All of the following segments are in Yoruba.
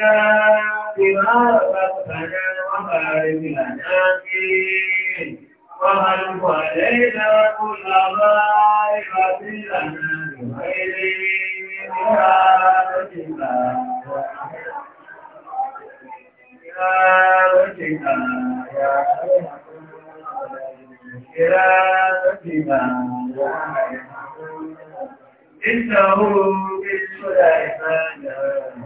لنا بما ربنا وبارك لنا فيه وهل علينا كل ضائفة لنا بغير إرادتك إرادتك إرادتك إنه من سليمان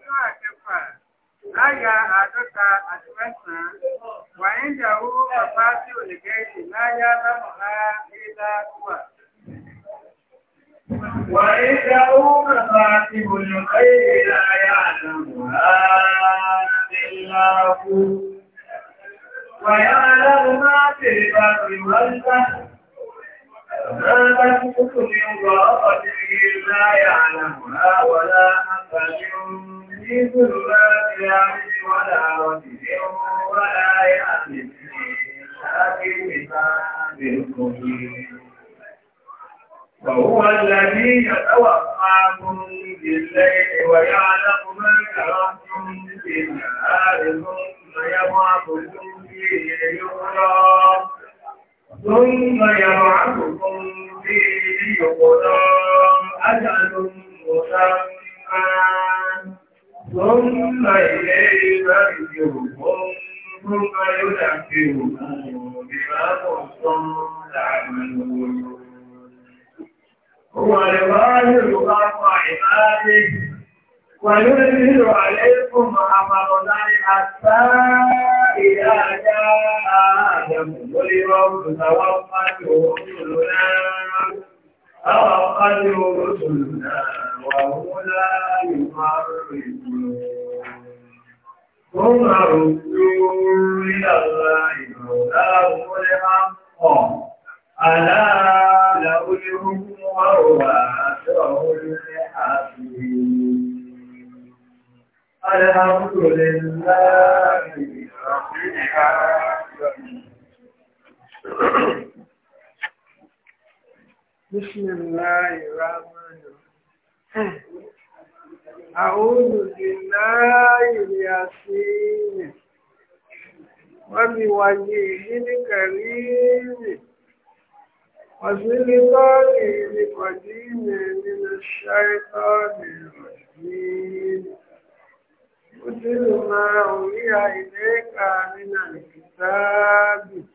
láyà àádọ́ta àti mẹ́sàn-án wà ní ìyàwó bàbá tí ò lè gẹ́ẹ̀sì láyà lámọ̀lá nílá wà. bàbá tí ò lè gẹ́ẹ̀sì láyà lámọ̀lá nílá wà. wà yára lámọ̀lá tèrè bá ti wá ụzọ ụlọaeeahịa haaaaaịọụ n'ihu aadị aụaa-aụịụ aa-ahịa aịa n'ihi ahụdele aaaụdea arụ na a abụ dị eeụ ثم يبعثكم فيه ليقضى أجل مسمى ثم إليه مرجعكم ثم ينبئكم بما كنتم تعملون هو الواجب خلق عباده ونرسل عليكم حفظنا حتى إذا جاء آدم ضرب توفته رسلنا توفته رسلنا وهم لا يفرقون ثم ردوا إلى الله مولاهم الحق ألا له الحكم وهو أشرف الحكيم الحمد لله رب العالمين بسم الله الرحمن الرحيم أعوذ بالله اليسير وبوجهه الكريم وسلطانه القديم من الشيطان الرجيم اتل ما أوحي إليك من الكتاب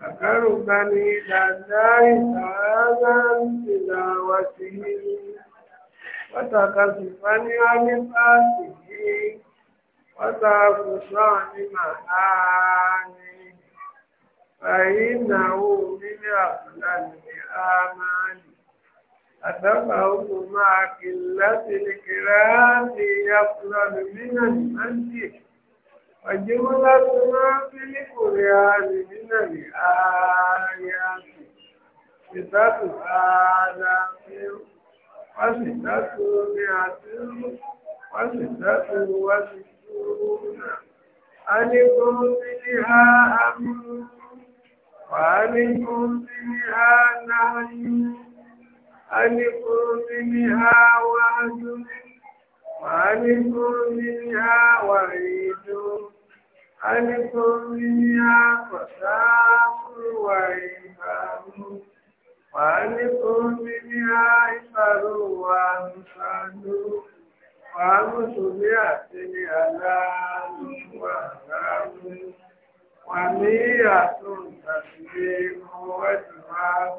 فقربني إلى الله تعالى تلاوته وتكسفني عن فاته وتعفصني معاني فإنه من أفضل الآمال أتبعه مع قلة الكرام يفضل من المنطق وجملة ما في القرآن من الآيات ستة آلاف وستة مئة وستة وستون ألف منها أمر وألف منها نهي ألقوا منها وعد وألقوا منها وعيد ألقوا منها فساق وإيمان وألقوا منها إثر وأمثال وأمثلة الألام وأغام ومية تسليم وإتمام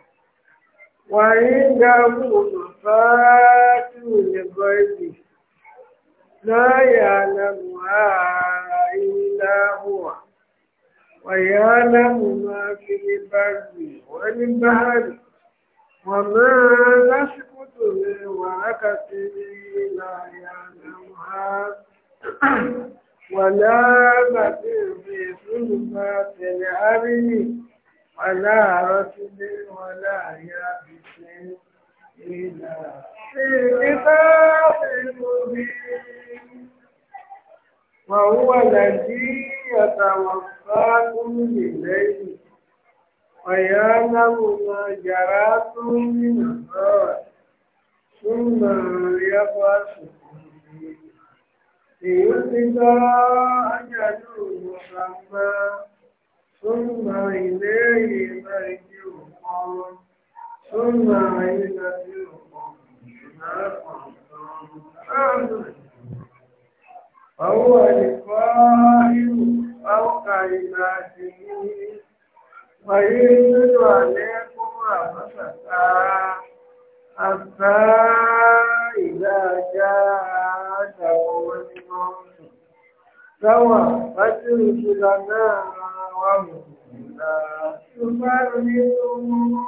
وعنده مفاتيح الغيب لا يعلمها إلا هو ويعلم ما في البر والبحر وما تسقط من ورقة لا يعلمها ولا بكر في ظلمات الأرض ولا رسل ولا يابس وهو الذي يتوفاكم بالليل ويعلم ما جراتم من النار ثم يبعثكم ليقضى أجله مسمى ثم إليه مرجعكم ثم ينبئكم بما كنتم تعملون فهو القائل فوق عباده ويرسل عليكم ربطا حتى إذا جاءته الموت توفت رسلنا وهم لا يفرطون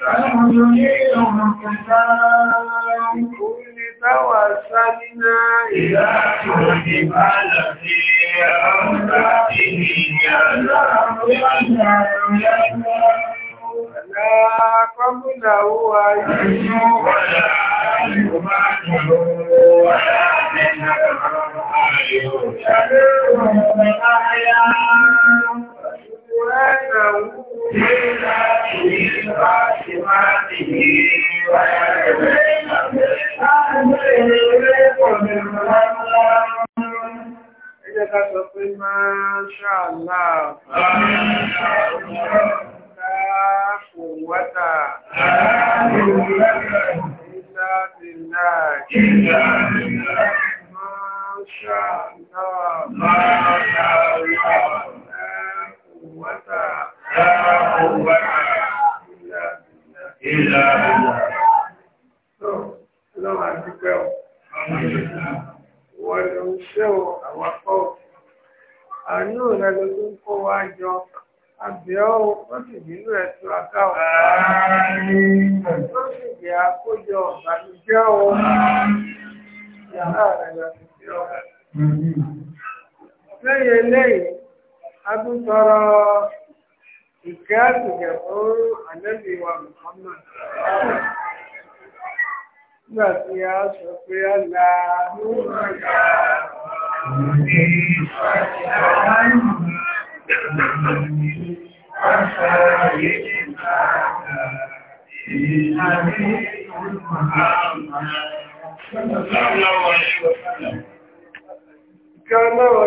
فنحييهم كفاء كل توسلنا إلى كل بلد في أولاده يا الله يا الله لا قبله أجل ولا أجمعه ولا من الرحيم شرور من آيات وأنه إلا به خاتماته ويعلمين بالآخر إليكم المنام إذا كتب ما شاء الله لا قوة إلا بالله إلا بالله ما شاء الله ما شاء الله quwwata la quwwata illa billah. Tó lọ́wọ́ àdúgbò wọ́n ló ń ṣe ò àwọn Lẹ́yìn eléyìí adúntọrọ ìkẹ́ àtìkẹ́ fún ànábì wa Muhammad nígbà tí a sọ pé a la lóòrùnà ní Ìjọ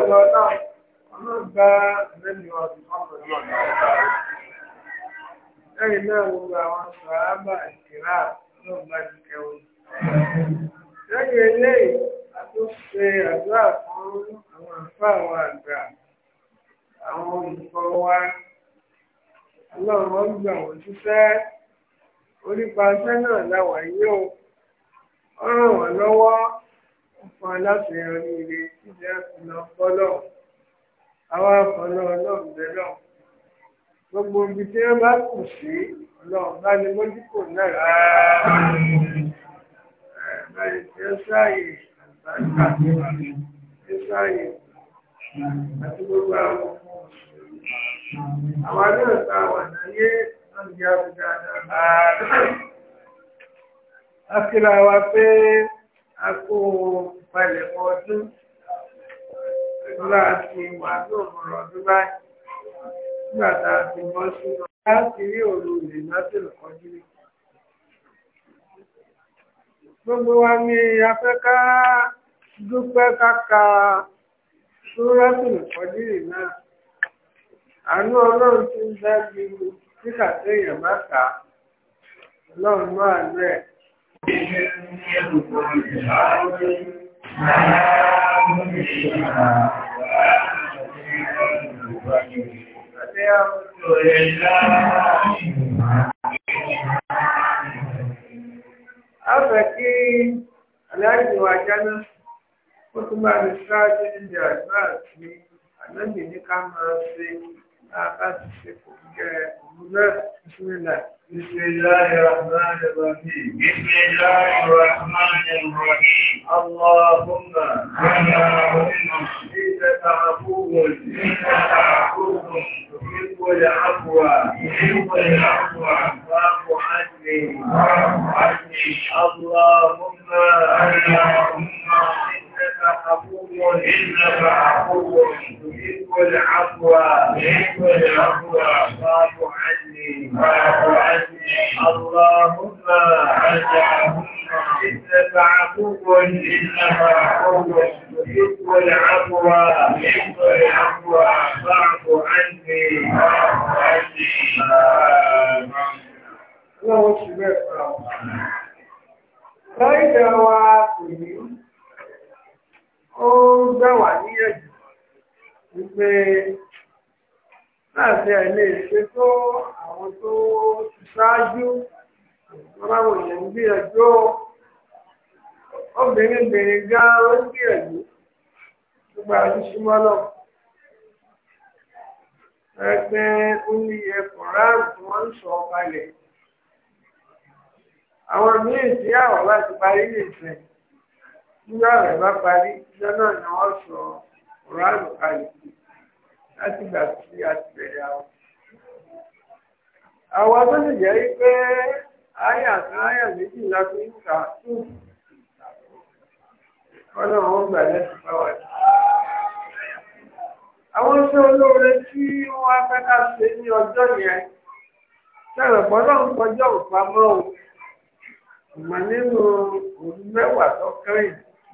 náà. Lẹ́yìn náà gbogbo àwọn sàábà ìkìlá náà bá ti kẹwọ́. Lẹ́yìn eléyìí, a tó ṣe àdúrà fún àwọn àfá àwọn àgbà, àwọn olùkọ́ wa. Ọlọ́run wọ́n gbà wọ́n ṣiṣẹ́ onípaṣẹ́ náà láwà yìí o. Ó ràn wọ́n lọ́wọ́ fún aláṣeyọrí ire tí jẹ́ ìlọ́pọ́lọ́ àwa ọ̀nà ọlọ́run bẹ̀rẹ̀ gbogbo ibi tí wọ́n bá kù sí ọlọ́run bá ní mójúkò náà rárá báyìí tí ó sáàyè àgbàgbà tí ó sáàyè àti gbogbo àwọn ọmọ àwọn náà ta wà láyé wọ́n di àbúdá dáadáa. a kíra wa pé a kó palẹ̀mọ́ ọdún. láti wàdó ọ̀rọ̀ ọdún báyìí nígbà tá a láti rí òru lè láti Gbogbo wa ká dúpẹ́ káka náà. Àánú ọlọ́run ti ń téèyàn Afẹ́ kí aláìsíwà jáná, ó tún bá mi ṣáájú níbi àdúrà sí ànábì ní ká máa ṣe bá bá ti ṣe kò jẹ́ òun náà ìṣúnilà. بسم الله الرحمن الرحيم بسم الله الرحمن الرحيم اللهم اللهم انك عفو انك عفو تحب العفو تحب العفو فاعف عني فاعف عني اللهم اللهم إنك عفو تحب العفو تحب العفو فاعف عني فاعف عني اللهم اللهم إنك عفو إنك عفو تحب العفو تحب العفو فاعف عني فاعف عني Lord, you are Right now, I ó ń gbà wá níyànjú wípé láti ẹ̀ lè tó àwọn tó ṣáájú ọláwọ̀ èèyàn ń gbìyànjú obìnrin bèrè gan ó ń gbìyànjú gbogbo àdúṣúmọ́ náà ẹgbẹ́ ní ẹ̀kọ́ ráàmù tí wọ́n ń sọ àwọn míì nígbà rẹ̀ bá parí ìjọ náà ni wọ́n sọ ọ̀rọ̀ àlùkàlùkù láti ìgbà tí a ti bẹ̀rẹ̀ àwọn. àwọn tó sì jẹ́ pé àyà kan àyà méjì ń gbà lẹ́sìn bá wà àwọn iṣẹ́ olóore tí wọ́n á fẹ́ ká ṣe ní ọjọ́ yẹn sọ̀rọ̀ pọ́nlọ́ ń kọjọ́ o ìmọ̀ nínú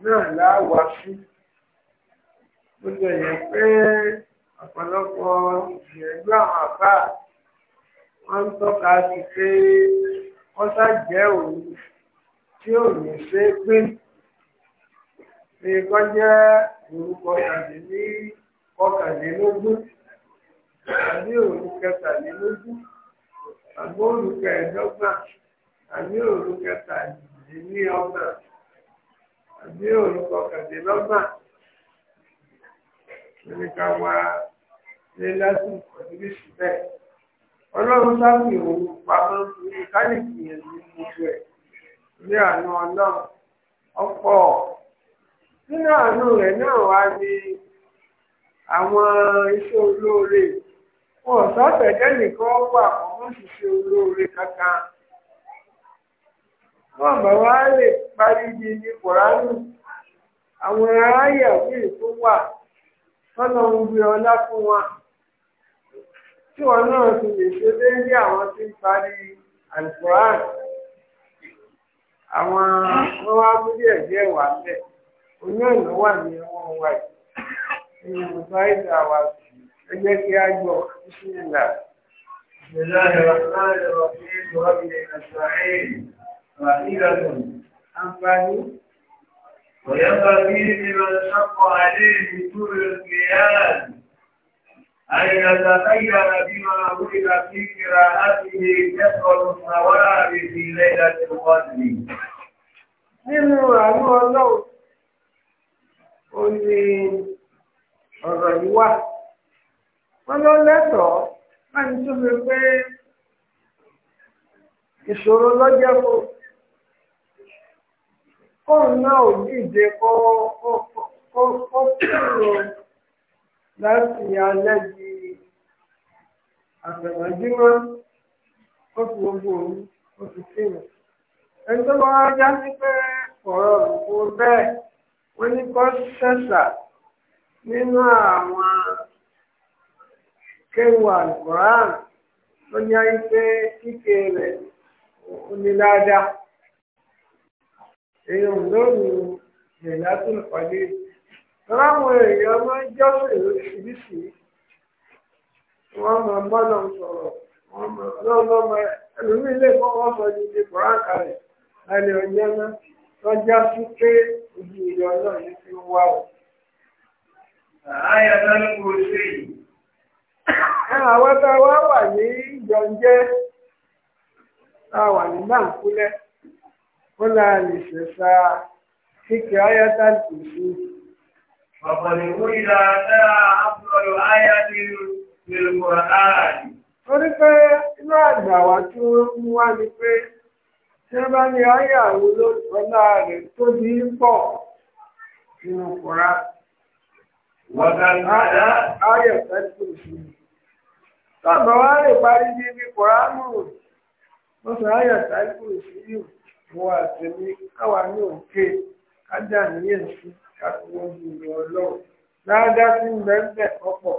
náà láwàá sí ó jẹ yẹn pé ọ̀pọ̀lọpọ̀ ìrẹ́lú àwọn àbá wọ́n ń tọ́ka sí pé wọ́n ṣàjẹ́ òun tí ò ní ṣe pé nǹkan jẹ́ orúkọ kàdínní ọkàdínlógún àbí òru kẹtàdínlógún àbí òru kẹẹ̀ẹ́dọ́gbà àbí òru àbí orúkọ kàdélọ́gbà ní ká wá lé lásìkò níbi síbẹ̀ ọlọ́run sáfì òun pamọ́ ní káyìkì yẹn ní gbogbo ẹ̀ ní àánú ọlọ́run ọ̀pọ̀ nínú àánú rẹ̀ náà wá ní àwọn iṣẹ́ olóore wọn ò sọ́fẹ̀ẹ́ nìkan wà wọ́n olóore kankan. wọ́n bá wá lè parí di ní kòránù àwọn aráyà míì tó wà tọ́lọ́ ń gbé ọlá fún wa tí ndị náà ti lè ṣe déédé àwọn tí ń parí alukoran àwọn wọn wá mú díẹ̀ wà bẹ́ẹ̀ oní ọ̀nà wà ní ọwọ́ wa yìí ní ibùdó àìsàn ẹgbẹ́ kí á gbọ́ ìṣúná. بسم الله الرحمن الرحيم فائدة أنفعه وينبغي لمن حق عليه طول القيام أن يتخير بما ولد في قراءته كثر الثواب في ليلة القدر. nínú àánú ọlọ́run ó ní ọ̀rọ̀ yìí wà wọ́n ló lẹ́tọ̀ọ́ láti tún fi pé ìṣòro lọ́jọ́ fún un kóun náà ò dìde kó kúrò láti alẹ́ di àtẹ̀wájúmọ́ ó fi gbogbo òun ó fi kéwòn. ẹni tó bá já sí pé ọ̀rọ̀ òkú bẹ́ẹ̀ wọ́n ní kó ṣẹ̀ṣà nínú àwọn kéwòn àlùkòrán ló ní ayé pé kíkẹ́ rẹ̀ ó ní ládàá. èèyàn lóru ìrìnàjò ń sọ̀rọ̀ wọ́n máa lọ́wọ́ máa ẹlòmíín lè kọ́kọ́ sọ ní ti bùrákà rẹ̀ lálẹ́ ọjọ́ sí pé ti ń wá o. yìí. àwọn wá wà ní Fúlàní ṣẹ̀ṣà kíkẹ́ ayáta kù sí. Ọ̀pọ̀lọpọ̀ ìlà àtẹ́rà àpọ̀lọ̀ ayá nínú inú àgbà wa tí wọ́n mú wá ni pé tí wọ́n bá ní àwọn rẹ̀ tó pọ̀ nínú Wọ́n ká ní sí. lè wọ́n àtẹ̀mí káwa ní òkè kájà níyẹn sí káwọn ìlú ọlọ́run dáadáa sí mẹ́ńbẹ̀ ọ̀pọ̀.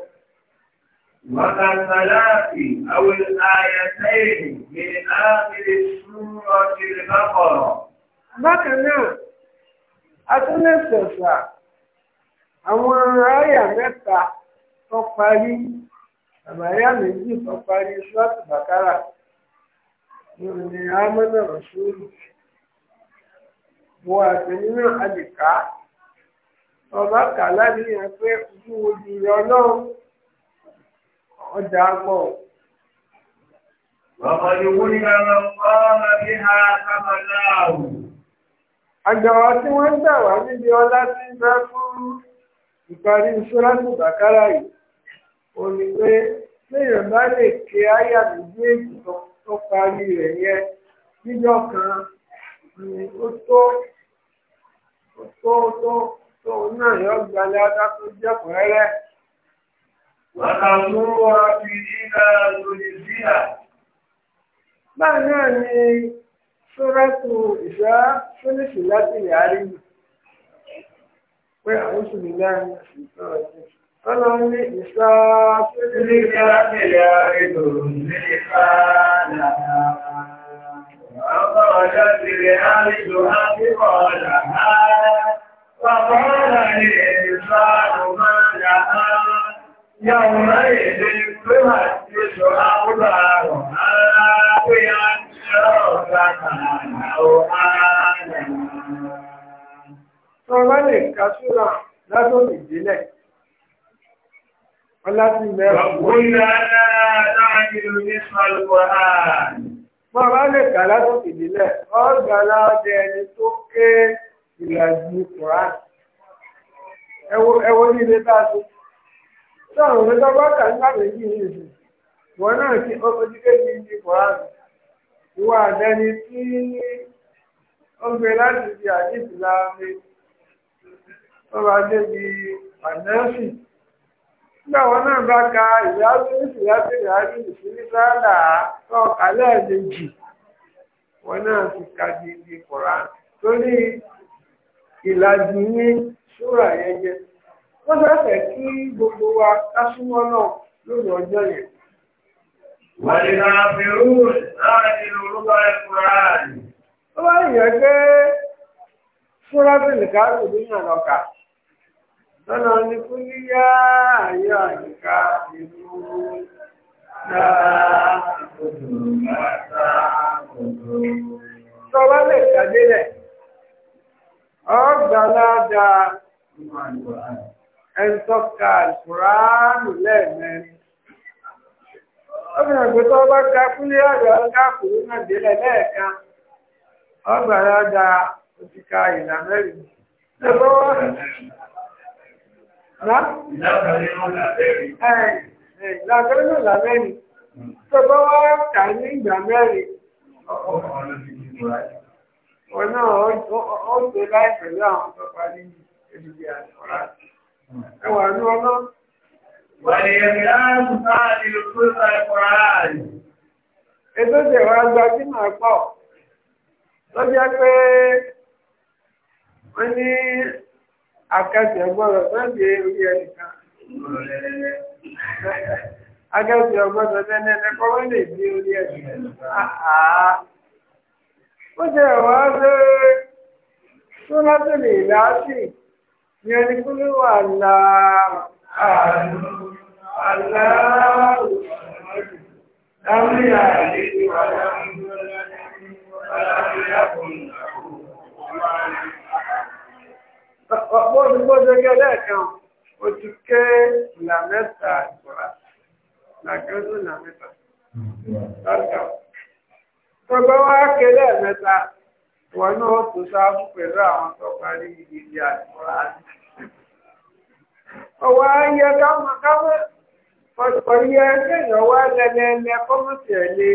وكالصلاة أو الآيتين من آخر سورة البقرة. bákan náà a tún lè ṣẹ̀ṣà àwọn aráyà mẹ́ta tó parí àbáyá méjì tó parí ṣọ́ọ̀tì bàkárà ní ọ̀nà àmọ́nà rọ̀ṣúlù wọ àtẹ̀yìn náà a lè kà á ọba kà láníyàn pé ojú ojú rẹ ọlọ́run ọjà pọ̀. Ọ̀pọ̀ ìwú ni ọmọ ọmọ bí ha sábà náà wù. Àjọ̀wọ́ tí wọ́n ń gbà wá níbi ọlá tí ń bẹ fún ìparí ìṣúrásù bàkárà yìí, ò ní pé léèyàn bá lè ké áyà méjèèjì tó parí rẹ̀ yẹn níjọ́ kan ó tó ó tó tó tó náà yọ gbalẹ̀ adákó jẹ́ pẹ́rẹ́. Wàhálà Indonesia. Báyìí náà ni Sóràtù ìṣá Fúnìṣì láti yàrá yìí. Pé àwọn oṣù mi náà ń ṣe ìtọ́ ní ìṣá Fúnìṣì láti yàrá yìí. فخرجت Ọlá ti mẹ́rin. Ọ̀gbọ́n ní aláàdáàjì ló ní sọ́lọ́wọ́ ààrùn. bọ́ bá lè kà lásìkò ìdílẹ̀ ọ̀gá aláwọ̀dẹ ẹni tó ké ìlàjú Quran ẹwọ ní ilé tá a ṣe sọ̀rọ̀ òfin tó bá kà nígbà méjì ní ìsìn wọn náà ti ojú kéjì ní Quran ìwà àdẹni tí ó láti di àdìsí láàmì tó débi ànẹ́sì. nígbà wọn náà bá ka ìyáwó ìyáwó ìyáwó ìsinmi sáàlà náà kálẹ̀ méjì wọn náà ti ka gidi kura torí ìlàjì ní ṣúra jẹ wọn kí gbogbo wa kásúmọ́ náà lórí ọjọ́ yẹn. Wàlìlà àfẹ́rù láàrin orúkọ Ó bá yẹ pé Tọ́lọ ní kú ní yá ayọ́ àyíká ìlú náà Tọ́wọ́ lè ṣàdélẹ̀, ọgbà ládàá ẹni tó ka ìfúránù lẹ́ẹ̀mẹ́rin. Obìnrin ògbé tó bá ka kúlé ọ̀rọ̀ ọ̀gá Ìlàkàrí náà làbẹ́rin. Ìlàkàrí náà làbẹ́rin. Tó bá wá kà ní ìgbà mẹ́rin. Ọ̀pọ̀ ọ̀nà ti dìbò láì. Ọ̀nà ọ̀dọ̀ láì pẹ̀lú àwọn tó pa ní ìdíje àkọ́rá. Hmm. Ẹwà ní ọlọ́. Ètò ìṣèwà gbajúmọ̀ pọ̀. Lọ́jọ́ pé wọ́n akẹ́sẹ̀ gbọ́dọ̀ sọ́ọ̀dì orí ẹnìkan akẹ́sẹ̀ gbọ́dọ̀ sẹ́ni ẹni kọ́ wọ́n lè di orí ẹnìkan ó ṣe wá ṣe tó láti lè láti ní ẹni kú ló wà láàrú aláàrú láwọn ọ̀pọ̀ olùgbọ́dọ̀ gẹ́ lẹ́ẹ̀kan o ti ké ìlà mẹ́ta ìgbọ̀ra làkẹ́sùn ìlà mẹ́ta lọ́dọ̀ tọgbọ́n wá ké lẹ́ẹ̀mẹ́ta wọn náà tó sáfù pẹ̀lú àwọn tó parí ìdíje àìmọ́ra ọwọ́ ayé káwọn káwọn ọ̀pọ̀ yẹ kéèyàn wá lẹ́lẹ́lẹ́ kọ́mọ̀tì ẹ̀ lè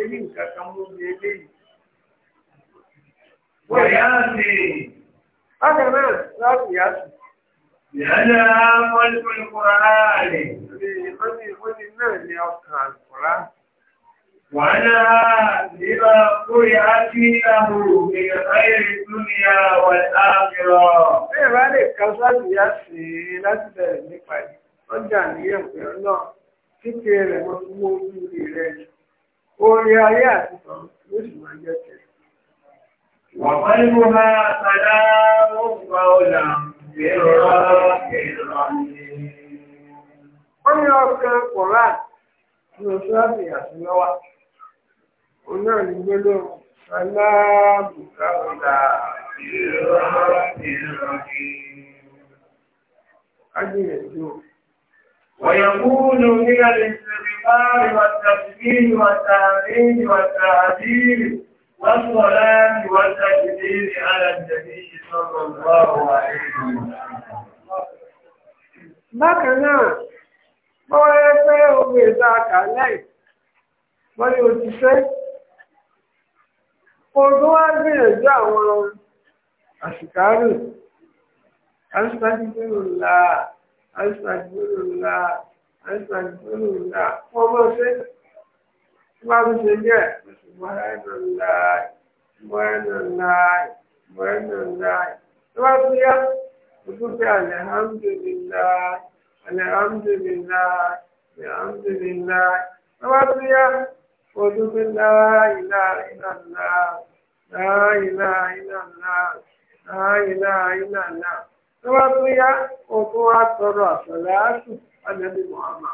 bákan náà láti yá sí. ìyájá mọ́lẹ́kùn ní kúránì. ó ní ó ní náà ní ọkàn àkùrá. wàhálà nígbà kúrì ájí àbúrò ìyàkáyé dúnìyà wà áàbìrọ̀. bẹ́ẹ̀ bá lè ka sáàtì yá sí i láti bẹ̀rẹ̀ nípa yìí ọjà níyẹn pẹ̀lú kíkẹ́ rẹ̀ mọ́ mú ojú rẹ̀ orí ayé àti tọ̀ ló sì jẹ́ tẹ̀. وقلبها سلام قولا بالرب الرحيم wọ́n ní ọkàn kọ̀rá tí ó sáàbì àti lọ́wà ó náà ní gbélé aláàbùkárọ̀dà ìrọ̀lá ìrọ̀lá ajínigbé o. ويكون من الاستغفار والتكبير والتهليل والتعذيب والصلاة والتكبير على النبي صلى الله عليه وسلم bákan náà bọ́wọ́ yẹ pé ogun ìta àkàlẹ́ wọ́n ni òṣìṣẹ́ ogun wá gbìyànjú àwọn àṣìkárù àṣìkárùlá àṣìkárùlá àṣìkárùlá wọ́n mọ́ bá ń ṣe yẹ mọ̀ẹ́nùláì mọ̀ẹ́nùláì mọ̀ẹ́nùláì tó bá tún yá tuntun pé alihamudulilayi alihamudulilayi alihamudulilayi tó bá tún yá ọdún pé láìláìláìlá láìláìláìlá láìláìláìlá tó bá tún yá òkú wa tọrọ àtọ̀lá àtù àdébí Muhammad.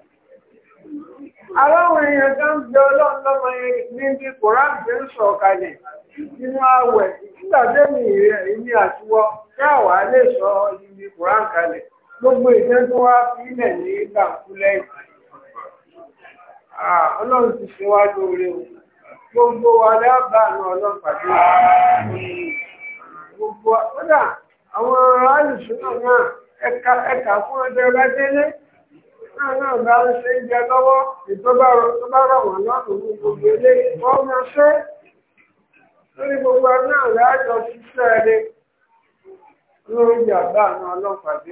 Aláwọn èèyàn tó ń bí ọlọ́run ní bí Kòrán ṣe ń sọ kalẹ̀ nínú àwẹ̀ nígbàdé mi rẹ̀ ní àtiwọ́ lè sọ kalẹ̀ gbogbo ìjẹ́ ilẹ̀ ní gbàǹkú Ọlọ́run ti ṣe wá lóore Àwọn ọ̀gá ń ṣe jẹ lọ́wọ́, ìtọ́bárọ̀ tó bá rọ̀ wọ́n lọ́rùn ní gbogbo ilé, wọ́n máa ṣe lórí gbogbo ọ̀nà rẹ̀ àjọ ṣiṣẹ́ rẹ̀ lórí ìjàmbá àwọn ọlọ́pàá bí.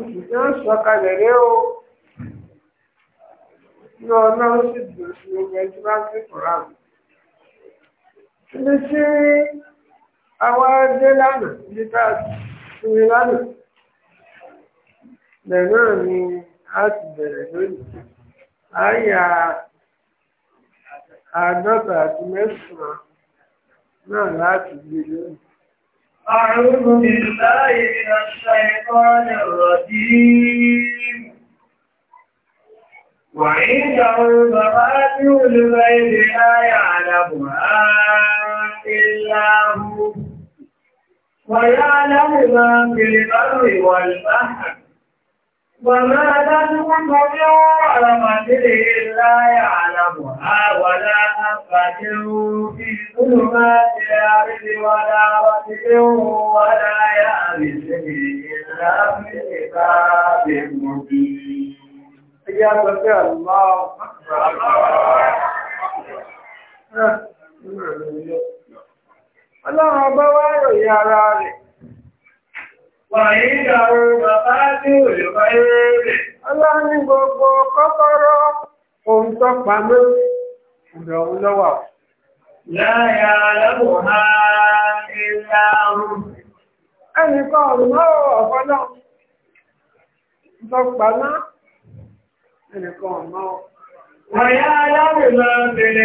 oṣù tí ó sọ kalẹ̀ rẹ o ní ọlọ́run sì dùn sí ogun ẹjú bá ń pè kọ́ra mi. ibi tí àwa dé lánàá ibi tá sinmi lánàá bẹ́ẹ̀ náà ni a ti bẹ̀rẹ̀ lónìí a yà àádọ́ta àti mẹ́sàn-án náà láti gbé lónìí. أعوذ بالله من الشيطان الرجيم وعنده مفاتيح الغيب لا يعلمها إلا هو ويعلم ما في البر والبحر وما تنفق ورمة لا يعلمها ولا أفة في ظلمات الأرض ولا رتب ولا يابس إلا في كتاب مبين. يا الله أكبر الله أكبر. Ọlọ́run ọba wá ròyìn ara rẹ̀. Ọlọ́run gbogbo kọ́kọ́rọ́ ohun tó pamọ́ ọ̀dọ̀ lọ́wọ́. Láyà lọ́wọ́ ha ilá ọrùn. Ẹnìkan ọ̀rùn lọ́wọ́ ọ̀fọ́lọ́. Tó pamọ́ ẹnìkan ọ̀rùn lọ́wọ́. Wọ̀nyá aláwọ̀ lọ bèèrè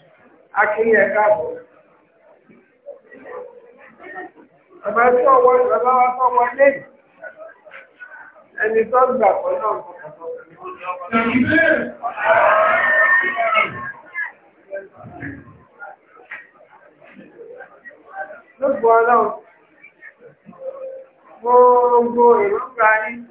akínyìn ẹ̀ka àbọ̀. Bàbá tí ọwọ́ bàbá wa tó wọ lé ẹni tó gbà pọ̀ náà. Lóògùn ọlọ́run, gbogbo èròǹgbà yìí.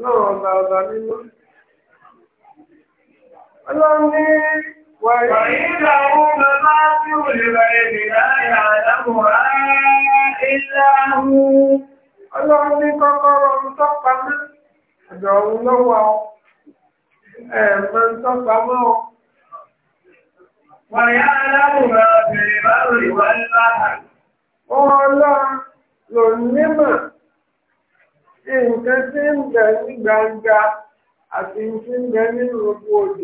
náà ọba ọba mímọ́. Ọlọ́run ní wàyí ń tọ́pa mọ́, ọ̀dọ̀ òun lọ́wọ́ ọ, ẹ̀ẹ̀mọ́ ń tọ́pa mọ́ ọ. Wàyí àdámọ̀ bàbá bèrè bá lórí wà ní nǹkan tí ń bẹ̀ ní gbangba àti tí ń bẹ nínú gbogbo odò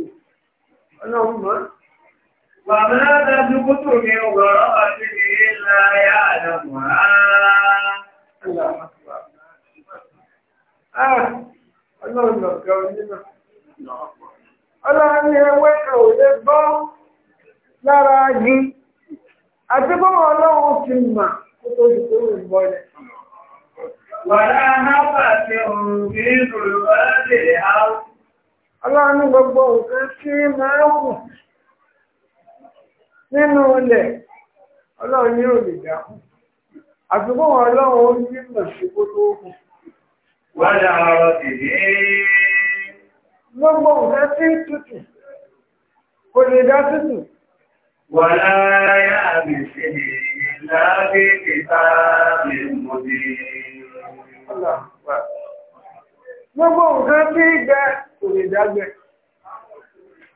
ọlọ́run mọ́. Bàbá dájú kútù ní ọgọ́rọ́ àti ìdílé ńlá àdàmọ̀ ah, Ọlọ́run lára Àti bọ́wọ́ ọlọ́run ti mà tó tó Ọlọ́run ní gbogbo nǹkan tí máa wù nínú ilẹ̀, ọlọ́run ní òlè dákùn. Àfikún ọlọ́run ó ní mọ̀ sí gbogbo ogun. Wọ́n àwọn ìdí. Gbogbo nǹkan tí tútù, kò lè dá tútù. Wọ́n láyé gbogbo nǹkan tí gbẹ kò lè dágbẹ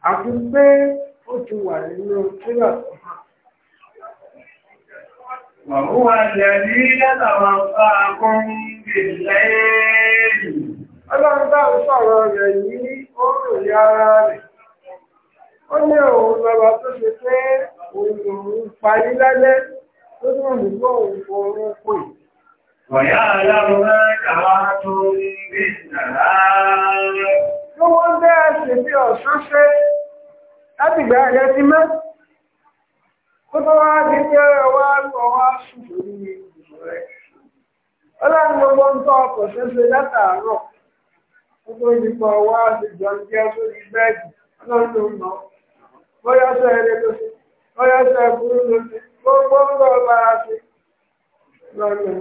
àti pé ó ti wà nínú tíra tó hàn. Wàhúwà jẹ̀rí lẹ́tàwà fáakún bèèrè. Ọlọ́run bá ń rẹ̀ yìí ó rò ní rẹ̀. Ó ní òun lọ́wọ́ tó ṣe pé òun ويعلم ما جرعتم بالنهار Ló wọ́n bẹ́ ẹ̀ṣẹ̀ bí ọ̀ṣán ṣe láti gbà rẹ̀ ti mẹ́. Ó tó wá di pé ọwá ọwá ṣùgbọ́n ní ìgbìmọ̀ rẹ̀. gbogbo ń tọ́ ọkọ̀ ṣeṣe látàárọ̀. Ó tó di ọwá ti jọ ń jẹ́ sórí bẹ́ẹ̀dì. Ọlọ́run ló ń lọ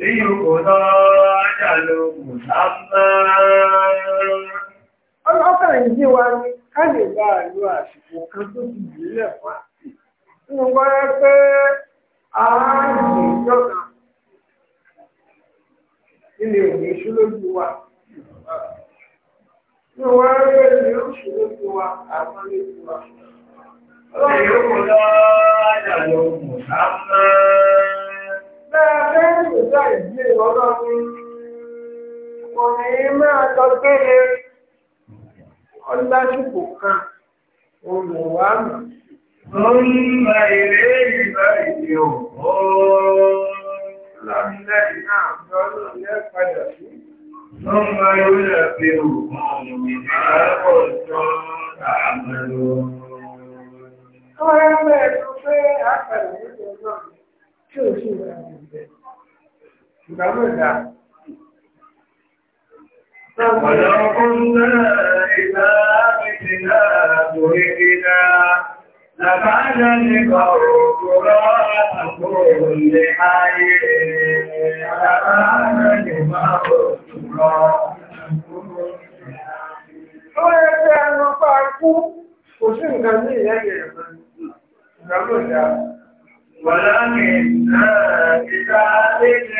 Líyùkúná àjàlò Mùsàmá. Ọlọ́kàn ní ká lè bá àlú àsìkò kan tó ti jùlẹ̀ wá. Nínú pé ààrùn ìjọba nílé òní ṣúlójú Nínú pé wa àwọn ilé wa. Líyùkúná àjàlò Bẹ́ẹ̀ bẹ́ẹ̀ ìgbà ìdílé ọlọ́run, kò ní máa lọ gbére ọlásìkò kan olùwàmù. Lọ́nà ilé ìgbà ìdí òkú. Lábílẹ̀ náà lọ́nà ilé padà sí. Lọ́nà ilé pé òkú ìgbàlápọ̀ tán àmàlò. Kọ́rẹ́ mẹ́rin pé àkàrà nígbà náà tí ò sí ìrànlọ́ ìgbàgbọ́ ìdá. Ọ̀dọ́ ọkùnrin náà ìgbà àbìtì náà lórí ìdá. Làbájá nípa òkúrọ́ àtàkùn lè ayé. Làbájá nípa òkúrọ́ àtàkùn lè ayé. Ó yẹ kí ẹnu pa kú, kò sí nǹkan ní ìyá ìyẹ̀rẹ̀ ìgbàgbọ́ ìdá. Wọ̀lá mi náà ìgbà àbìtì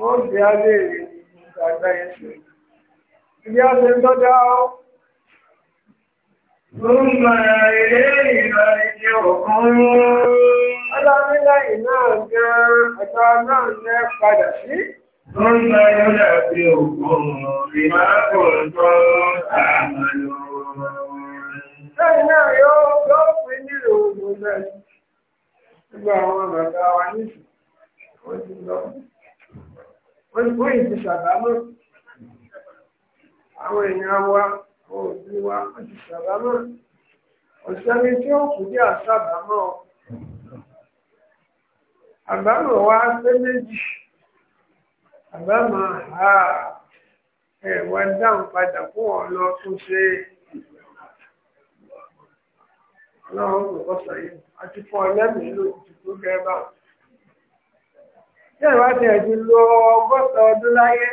wọ́n bí á léèrè ìgbàgbá ẹ̀ṣẹ̀. Ibi á ṣe ń tọ́já ó. Gbọ́nà ilé ìrọ̀ ìdí òkun. Ọlọ́mílẹ́yìn náà gan ẹ̀tọ́ náà lẹ́ padà sí. Gbọ́nà ilé ìdí òkun ìmáàkùn tó àmàlò. Lẹ́yìn náà yóò pín nílò òògùn náà. Gbogbo àwọn bàbá wa nísìn, wọ́n ti lọ wọ́n kó ìsìn ṣàbámọ́ àwọn èèyàn wa àwọn òbí wa wọ́n ti ṣàbámọ́ ọ̀sẹ́ni tí ó kù dé àṣàbámọ́ àbámọ̀ wa pé méjì àbámọ̀ ha ẹ̀ wá dáhùn padà fún ọ̀lọ́ tó ṣe ọlọ́run kò kọ́ sọ yìí àti fún ọlẹ́mìí ló ti tó gẹ́gẹ́ báwọn tí àwọn àti ẹ̀jú lo ọgọ́ta ọdún láyé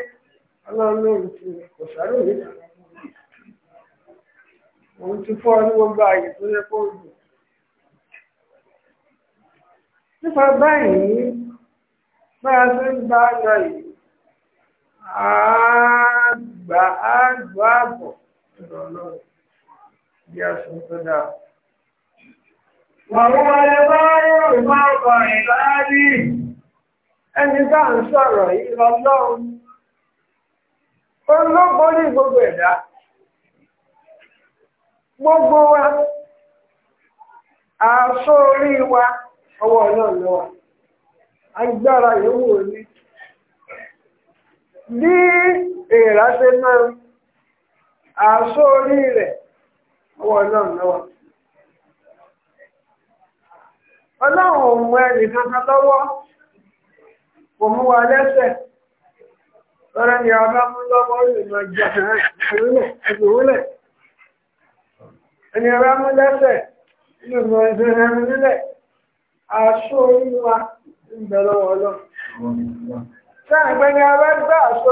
ọlọ́run ló ń ti kò sáré mi òun ti fọ́ ní gbogbo ààyè tó yẹ kó lù. nípa báyìí bá a ṣe ń bá a lọ yìí àgbà àgbà àbọ̀ ìrọ̀lọ́run bí a ṣe ń tó dáa. Wàhùn ọlẹ́bàá yóò máa bọ̀ ìbáraẹni. ẹni bá ń sọ̀rọ̀ yìí lọ́lọ́run ó gbogbo ẹ̀dá gbogbo wa àṣọ orí wa ọwọ́ náà agbára yòówù ní bí èèrà ṣe àṣọ orí rẹ̀ ọwọ́ ọlọ́run kò mú wa lẹ́sẹ̀ lọ́rẹ́ ni ọba mú lọ́wọ́ ìrìnà jà ìrúlẹ̀ ẹni ọba mú lẹ́sẹ̀ ìrìnà ìrìnà ìrúlẹ̀ aṣọ orí wa ń bẹ lọ́wọ́ ọlọ́run sáàgbẹ́ ni ọba gbá aṣọ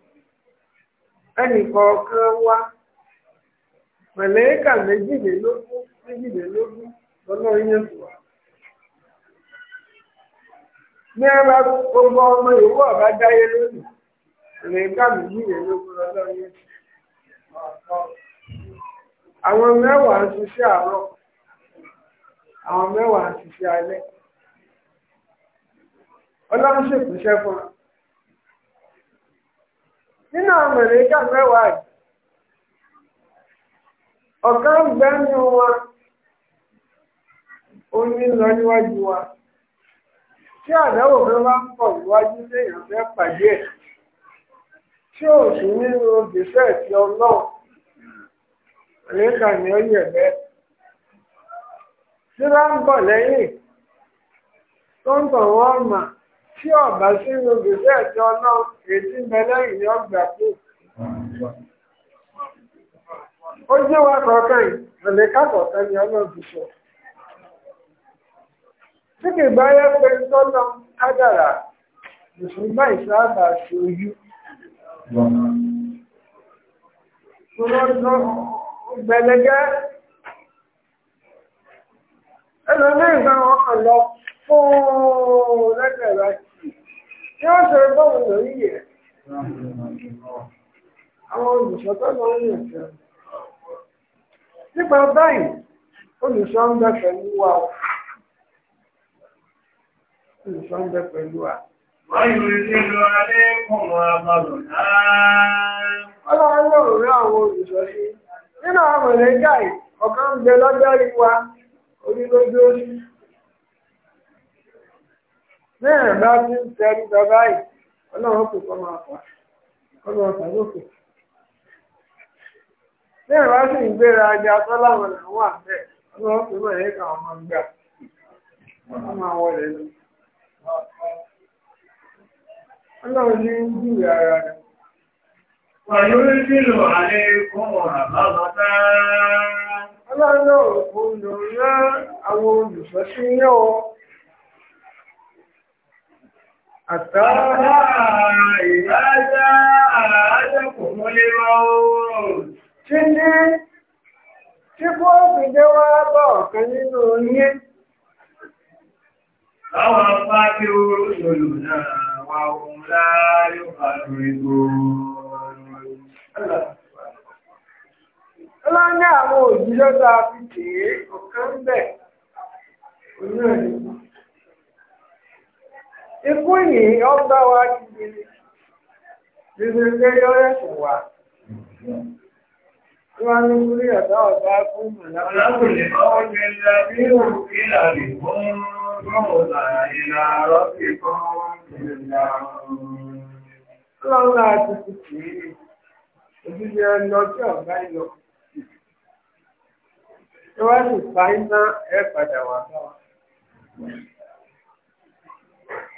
ẹnìkọ̀ọ̀kan wa pẹ̀lẹ́kà méjìlélógún méjìlélógún lọ́nà yẹn tó ní ẹ̀rọ gbogbo ọmọ ìwọ ọba dáyé lónìí méjìlélógún lọ́nà yẹn àwọn mẹ́wàá ń ṣiṣẹ́ àárọ̀ àwọn mẹ́wàá ń ṣiṣẹ́ alẹ́ ọlọ́run fún nínú na America mẹ́wàá yìí ọ̀kan gbẹ́nu wa ó lọ níwájú wa tí àdáwò fẹ́ bá ń pọ̀ níwájú léèyàn fẹ́ pàdé ẹ̀ tí ò sí nínú gbèsè ti tí bá ń bọ̀ lẹ́yìn tó ń wọ́n mà tí ọ̀bá sínú gbèsè ti èyí ń bẹ lẹ́yìn ní ọgbà tó. ó jẹ́ wa kọ̀ọ̀kan yìí mẹ̀lẹ́ká kọ̀ọ̀kan ni ọlọ́ọ̀dù sọ. tí kì bá yẹ pé tọ́lọ́ kádàrà mùsùlùmá ìsáàbà ṣe ojú. Gbẹ̀lẹ́gẹ́ ẹlòmíràn ọkàn lọ fún lẹ́gbẹ̀ẹ́ báyìí. yóò báwo lórí yẹ àwọn olùsọ tó lọ ní ẹ̀sẹ̀ nípa báyìí olùsọ ń bẹ pẹ̀lú wa o ń bẹ pẹ̀lú wa. wọ́n yìí ní lọ alẹ́ kùn àbàlù náà. ọlọ́run rí àwọn sí nínú àwọn ọ̀kan ń bẹ lọ́jọ́ bẹ́ẹ̀ bá ti ń tẹrí lọ báyìí pa ọlọ́run tà lókè. bẹ́ẹ̀ bá sì ń gbéra ọmọ àlékún bàbá àwọn àtàrà ìrájá àrájẹ́kù múlé lọ́wọ́ títí tí kó fi jẹ́ wá bọ̀ ọ̀kan nínú yí láwọn apá tí ó lòlò náà wà ohun àwọn òjílọ́ta fi tèé ọ̀kan bẹ̀ onírẹ̀ ikú yìí ó ń bá wa kiri títí pé yóò rẹ̀sùn wá. Tí wọ́n ní kúrí ọ̀dá ọ̀dá fún mọ̀lá. Alákùnrin náà ń gbé lábí òkè àlè fún mọ́mọ́lá ìlà rọ́bì kan ìlà Ọlọ́run láti ti kì í. Òjijì ẹ lọ sí ọ̀gá ìlọ. Tí wọ́n sì fa iná ẹ padà wà náà.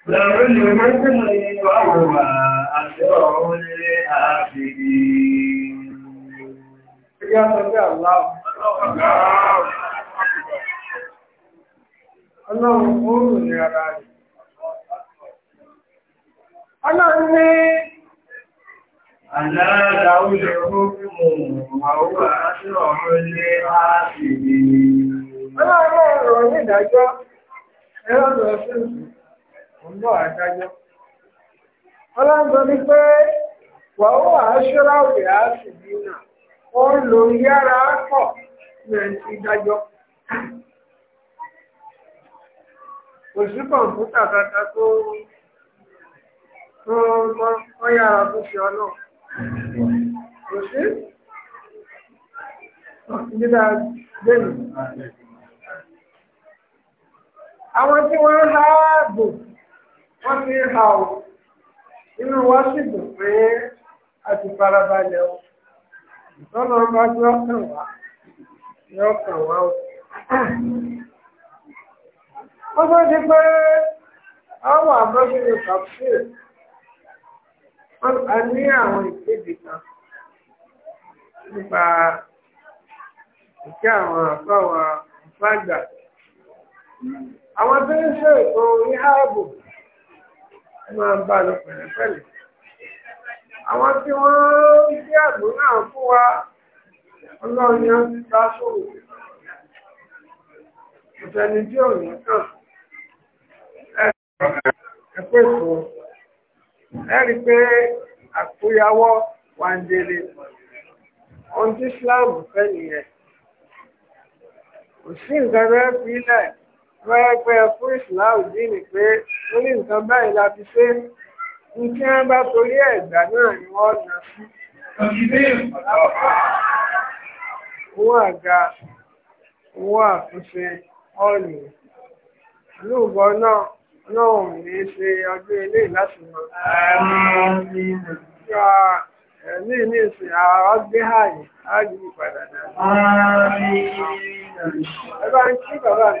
Ọlọ́run oòrùn ní ara rẹ̀. Ọlọ́run ní Àlàára oúnjẹ oòrùn ọ̀rọ̀ ilé ààfìdì. Ọlọ́run rọ̀ ní ìdájọ́, ẹ̀rọ rọ̀ sí ìsìn. òun náà adájọ́. ọlọ́run ní pé wàhùn àṣírà òkè àṣìbí náà ó ń lo yára pọ̀ ní ẹni tí dájọ́. kò sí kọ̀ǹpútà kankan tó tó yára tó ṣe ọ náà. kò sí nígbà gbẹ̀mí. àwọn tí wọ́n ń dáàbò. wọ́n ti ń ha o inú wa sì dùn pé a ti farabalẹ̀ o lọ́nà ọba tí wọ́n kàn wá yóò kàn wá o. wọ́n tó di pé a ní àwọn ìkéde kan nípa ìkẹ́ àwọn a àfáàgbà àwọn tó ń ṣe ètò ẹ máa bá lọ pẹ̀lẹ́pẹ̀lẹ́ àwọn tí wọ́n ń gbé àgbò náà fún wa ọlọ́run ni ti bá sòrò ìfẹ́ni tí ẹ rí pé àkóyawọ́ wàǹdèrè ohun tí Islam fẹ́ nìyẹn kò wẹ́rẹ́pẹ́ fún ìsìláùdíìnì pé ó ní nǹkan báyìí la fi ṣe ní tí wọ́n bá torí ẹ̀gbà náà ni wọ́n nà sí. owó àga owó àtúnṣe ọ̀nì lóògbọ́ náà náà ní ṣe ọdún ilé láti mọ̀. ẹ̀mí ní ìsìn àwọn gbé àyè á yí padà náà. ẹ bá ń kí bàbá mi.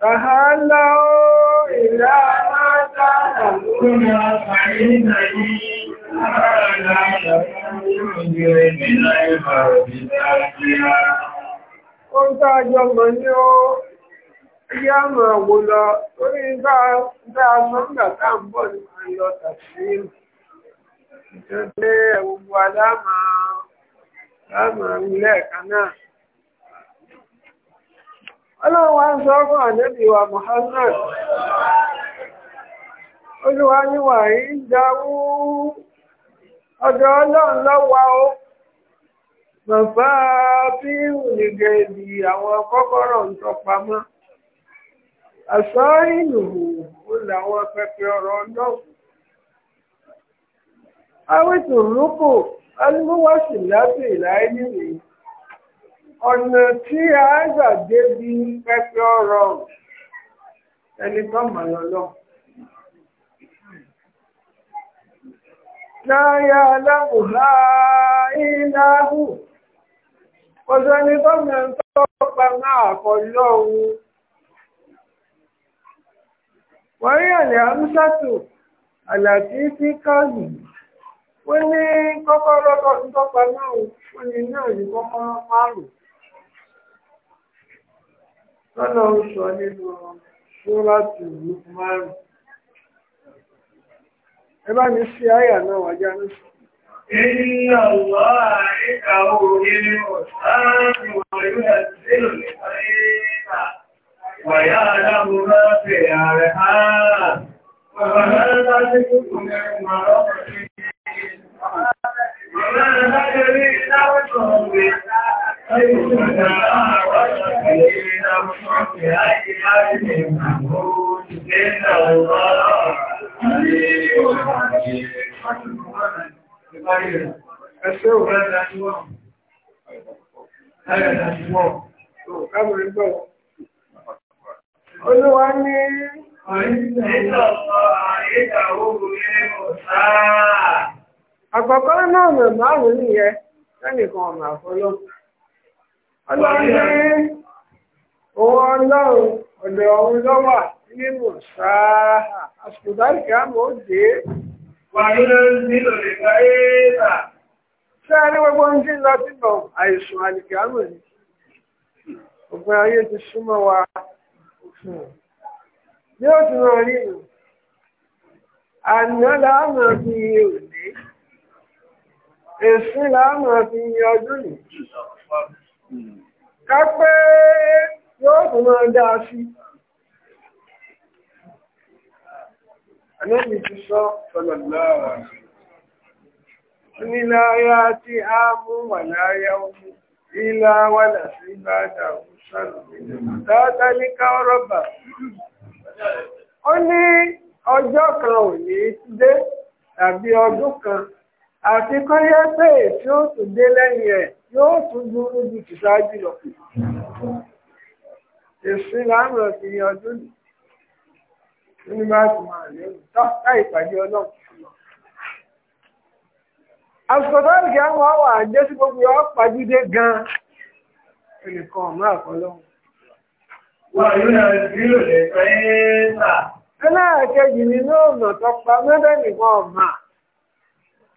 Tàhálà ó ìlà mátà àkúnà àìyíná yìí, àrànà ìrìnlẹ̀ ìbìnà ìbàrò ìdájíá. Ó ń tàjọ mọ̀ ní ó, yá máa wò lọ, orí ń bọ̀ ní àyọ̀ tàbí ìjọ́ pé ẹ̀wọ̀n ọlọ́run wá ń sọ fún ànẹ́bì Muhammad ń dáwú ọjọ́ ọlọ́run ó bàbá fíìrù nìgẹ̀ àwọn kọ́kọ́rọ̀ ń tọpamọ́ àṣọ ìlú ó pẹpẹ ọ̀rọ̀ ọlọ́run awítùrúkù alúwọ́sì láti ìlà ọ̀nà tí a gbàgbé bí pẹ́pẹ́ ọ̀rọ̀ ẹni tó mọ̀ lọ́lọ́. Láyá aláwò ha ìláhù, ọjọ́ ni tó mẹ́ tó pa máa kọ lọ́wọ́. Wọ́n rí àlẹ́ àmúṣàtò àlàtí sí káàlù. Wọ́n ní kọ́kọ́rọ́ tó pa náà, wọ́n ní náà ní kọ́kọ́rọ́ márùn-ún lọ́nà ń sọ nínú ṣúrátù Lukman ẹ bá mi sí àyà náà wájá ní sọ. Iná wà níta orí ọ̀sáàdì wọ̀nyí àti ìlúlẹ̀ ayéta. Wàyá aláàmú máa fẹ̀ ààrẹ ààrẹ. Bàbá náà láti kúkú mẹ́rin máa rọ́pọ̀ sí i. Bàbá náà láti rí ìdáwọ̀ sọ̀rọ̀ Ẹṣẹ́ òun Olúwa ní Àgbàkọ́ náà ọ̀nà àfọlọ́pù. Ọlọ́rin owó ọlọ́run ọ̀dọ̀ ọ̀run lọ́wà nínú sáà àṣùdáìkì àmọ́ ó dé. Wà nínú nílò ìgbà éèdà. Ṣé a ní gbogbo ń jí lọ síbọ̀ àìsùn àlìkì àmọ́ ni? Òpin ayé ti súnmọ́ wa. Bí ó ti ká pé yóò tún máa dá sí. Ànábì ti sọ ọlọ́lọ́wà. Ní láyá tí a mú wà láyá omi, ilá wà láti bá dàrú sọ́nà. Ó ní ọjọ́ kan ò ní dé tàbí ọdún kan. àti kọ́ yẹ́ pé tí ó tún dé lẹ́yìn ẹ̀ yóò tún burú ju tìṣáájú lọ. èsì lánà ti yanjú nì ní bá ti máa léwu tá ìpàdé ọlọ́run. àsìkò tó ń kí àwọn àwọn àjẹ́ sí gbogbo ọ pàdúdé gan-an ẹnìkan ọ̀mọ́ àkọlọ́hún. wọ́n yóò náà dúró lè fẹ́ ẹ́ sà. ẹlẹ́ẹ̀kejì nínú ọ̀nà tó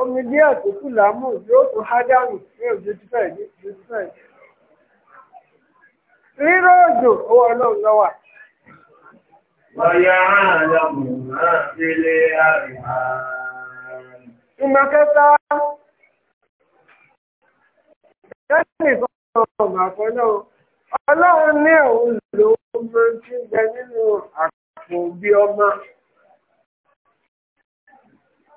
omi díẹ̀ tó kù lámù yóò tún há dànù ní òjòjúfẹ́ ìjòjúfẹ́ rírọ̀ òjò owó ọlọ́run lọ́wà. Ọ̀yà àlàmù náà fi lé àrìmá. Ìmọ̀ kẹta. Kẹ́sìn sọ̀rọ̀ ọ̀gbà kan náà. Ọlọ́run ní òun lòun máa ń ti gbẹ nínú àpò bí ọmọ.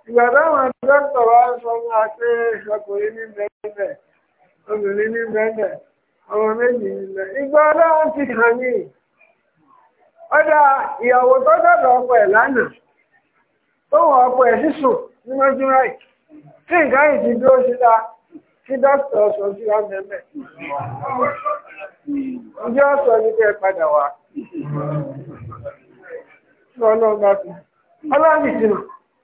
ìgbà táwọn dókítà wa sọ fún wa pé ọkùnrin ní bẹ́ẹ̀ obìnrin ní bẹ́ẹ̀ ọmọ méjì nílẹ̀ ìgbà ọlọ́run ti hàn ní ọ̀dà ìyàwó tó dọ̀dọ̀ ẹ̀ lánàá tó wọ ẹ̀ ní tí nǹkan yìí ti dúró dókítà ọsọ sí wa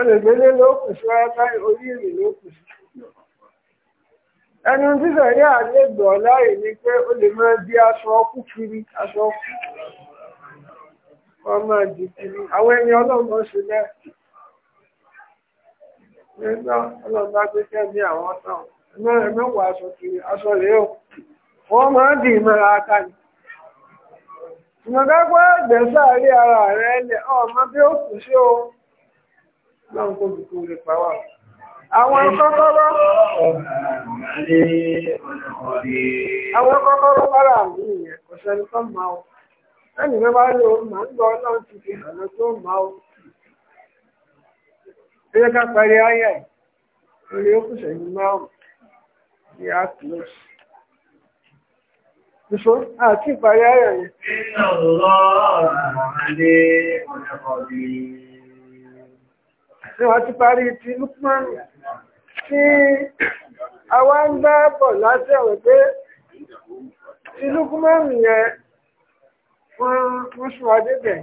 olùgbélé ló kù sí wáyáká orí ìrìn ló kù sí. ẹnu títẹ̀ ní àlégbọ̀ láì ní pé ó lè máa di aṣọ ọkú kiri aṣọ ọkú wọn máa di kiri àwọn ẹni ọlọ́mọ sí lẹ́ nígbà ọlọ́mọ tó kẹ́ bí àwọn tán ẹ mẹ́wàá aṣọ kiri aṣọ rèé o wọ́n máa dì í mọ́ra ká ni ìmọ̀gágbọ́ ẹgbẹ́ sáré ara rẹ̀ lẹ̀ ọmọ bí ó kù sí o láwọn kò bí kú lè pàwà àwọn kọ́kọ́rọ́ àwọn kọ́kọ́rọ́ bára àmì ìyẹn kò sẹ́ni tó máa ọ ẹni mẹ́ bá lò ó máa ń lọ ọlọ́run ti fi hàn tó máa ọ ẹ ká parí ayé orí ó kùsẹ̀ ní márùn ní Ìṣó àti ìparí ayé yẹn. Ìṣòro ní wọ́n ti parí ti Lukman tí a wá ń bá bọ̀ láti ẹ̀wẹ̀ pé ti Lukman yẹn wọ́n sùn adébẹ̀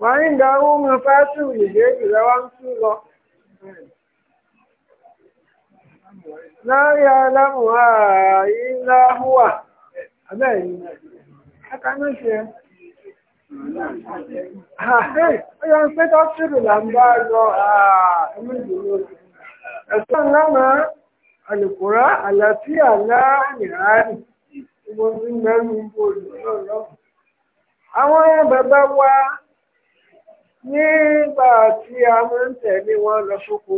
wọ́n ń da owó mọ fásitì ìdè ìrẹ́ wá ń tún lọ láàrin alámùhà ìlà hùwà abẹ́ẹ̀ ni a Ọyọ̀ ń pé tọ́sírì là ń bá lọ àmì ìdúró. Ẹ̀sán lánà àlùkùrá àlàáfíà láàrínàárì gbogbo tí mẹ́rin ń bò lọ́lọ́. Àwọn bàbá wa nígbà tí a máa ń tẹ̀lé wọn lọ sóko.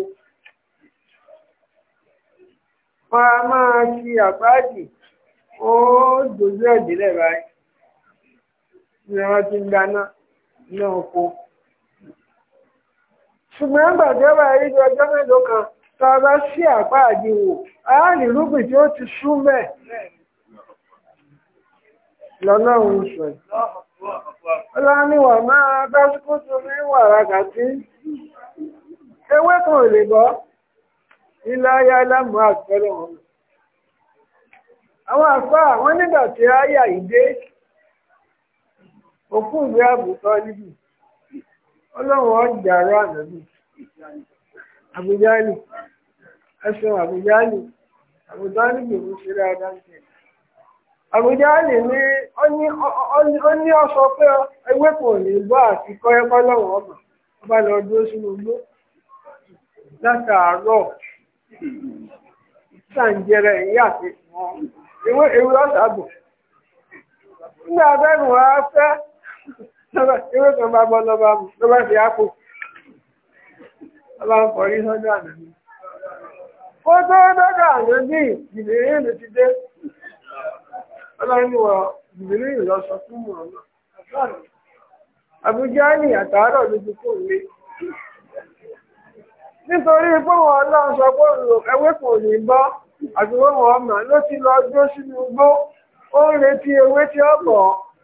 Wọ́n a máa fi àpáàdì ó dòjú ẹ̀dílẹ̀ báyìí ni wọ́n ti ń dáná ní oko. ṣùgbọ́n gbàdúrà ìjọ ọjọ́ mélòó kan tá a bá sí àpá àdìwò á rí rúgbìn tí ó ti sú mẹ́ lọ́lọ́run sọ ọlọ́niwà máa dásíkò tó ní wàrà kàtí ewé kan ò lè bọ́ ilá ayá lámù àgbẹ̀lọ̀ wọn àwọn àfáà wọn nígbà tí a yà ìdé òkú ìwé àbùkọ́ níbi ọlọ́run ọjà rọ àbújáàlì ẹsùn àbújáàlì àbújáàlì gbèrú sí dáadáa ní tẹ̀lé àbújáàlì ní ó ní ọsọ pé ní àti kọ́yẹ́kọ́ lọ́wọ́ ọmọ ọba sàǹjẹrẹ ìyá àti ìwé ọ̀sà bò nígbà bẹ́ẹ̀ wọ́n á fẹ́. ewé kan bá m lọ́ba mu ló bá fi ápò ọba ń kọrí sọ́jọ́ àná ó tó dọ́dọ̀ àná bí ìlú ti dé ọlọ́niwọ̀ ìbèrè ìlú lọ fún mọ̀ náà àbújá ní àtàárọ̀ ló ti kó nítorí ọlọ́run sọ pé ẹwé kò ní bọ́ àti ti lọ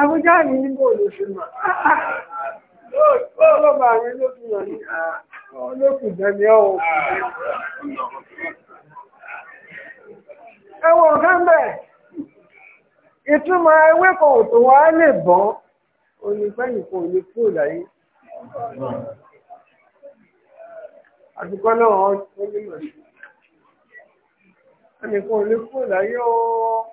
Àbújá mi ní bò ló fi mi ló fi mọ̀ ní olókùn jẹ́mi ọ̀wọ̀. Ẹwọ̀n ìtumọ̀ kan ò tó wá lè bọ́, onígbẹ̀yìn kan ò kúrò láyé. Àdúgbò náà ó ní mọ̀ sí. Ẹnìkan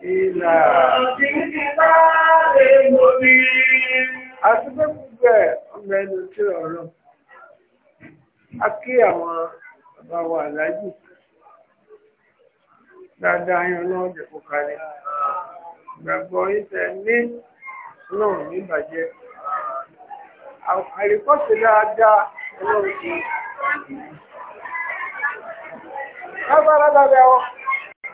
ìlà ìgbà èmò ní àti pé gbogbo ẹ̀ náà ní náà níbàjẹ́ àríkọ́sí dáadáa ọlọ́run ti lágbára dáadáa wọn.